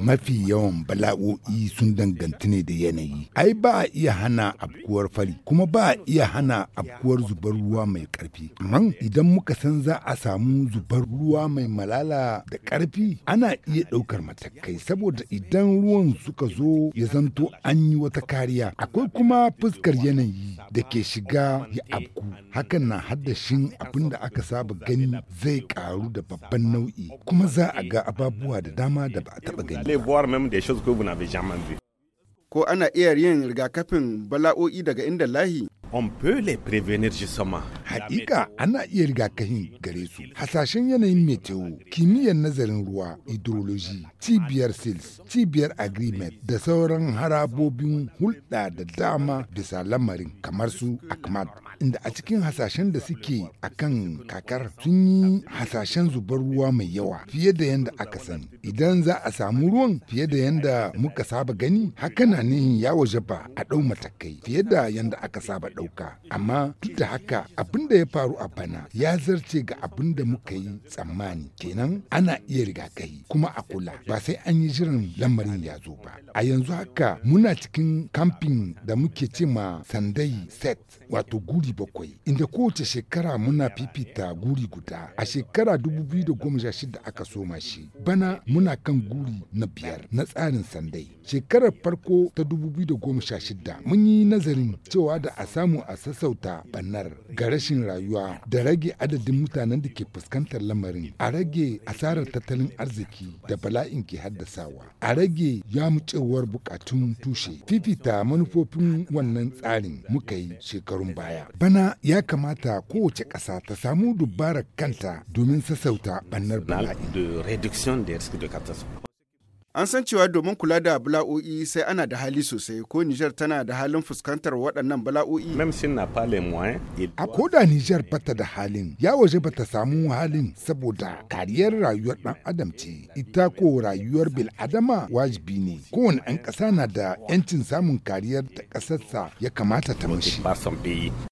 Mafi yawan bala'o'i sun danganta ne da yanayi. Ai ba a iya hana abkuwar fari, kuma ba a iya hana abkuwar zubar ruwa mai karfi Amma idan muka san za a samu zubar ruwa mai malala da karfi ana iya ɗaukar matakai saboda idan ruwan suka zo ya zanto an yi wata kariya. Akwai kuma fuskar yanayi da ke shiga ya abku hakan na haddashin abin da aka saba gani zai karu da babban nau'i kuma za a ga ababuwa da dama da ba a taba gani ko ana iya yin rigakafin bala'o'i daga inda lahi on peut les prévenir justement. Haƙiƙa ana iya rigakafin gare su. Hasashen yanayin meteo, kimiyyar nazarin ruwa, hydrology, cibiyar sils, cibiyar agreement da sauran harabobin hulɗa da dama bisa lamarin kamar su akmat inda a cikin hasashen da suke a kan kakar sun yi hasashen zubar ruwa mai yawa fiye da yadda aka sani. Idan za a samu ruwan fiye da yadda muka saba gani, haka na nihin ya waje ba a ɗau matakai fiye da yadda aka saba ɗauka. Amma duk da haka abin da ya faru a bana ya zarce ga abin da muka yi tsammani. Kenan ana iya rigakai kuma a kula ba sai an yi jiran lamarin ya zo ba. A yanzu haka muna cikin kamfin da muke ce ma sandai set wato guri bakwai inda kowace shekara muna fifita guri guda a shekara dubu biyu da goma sha shida aka soma shi bana muna kan guri na biyar na tsarin sandai shekarar farko ta dubu biyu da goma sha shida mun yi nazarin cewa da a samu a sassauta bannar ga rashin rayuwa da rage adadin mutanen da ke fuskantar lamarin a rage asarar tattalin arziki da bala'in ke haddasawa a rage yamucewar bukatun tushe fifita manufofin wannan tsarin muka yi shekarun baya Bana ya kamata kowace ƙasa ta samu dubarar kanta domin sassauta bannar bala'i. An san cewa domin kula da bala'o'i sai ana da hali sosai ko Nijar tana da halin fuskantar waɗannan bala'o'i. A koda Nijar bata da halin, ya waje bata samu halin saboda kariyar rayuwar ɗan adam ce. Ita ko rayuwar bil'adama wajibi ne. Kowane ɗan ƙasa na da 'yancin samun kariyar da ƙasarsa ya kamata ta mashi.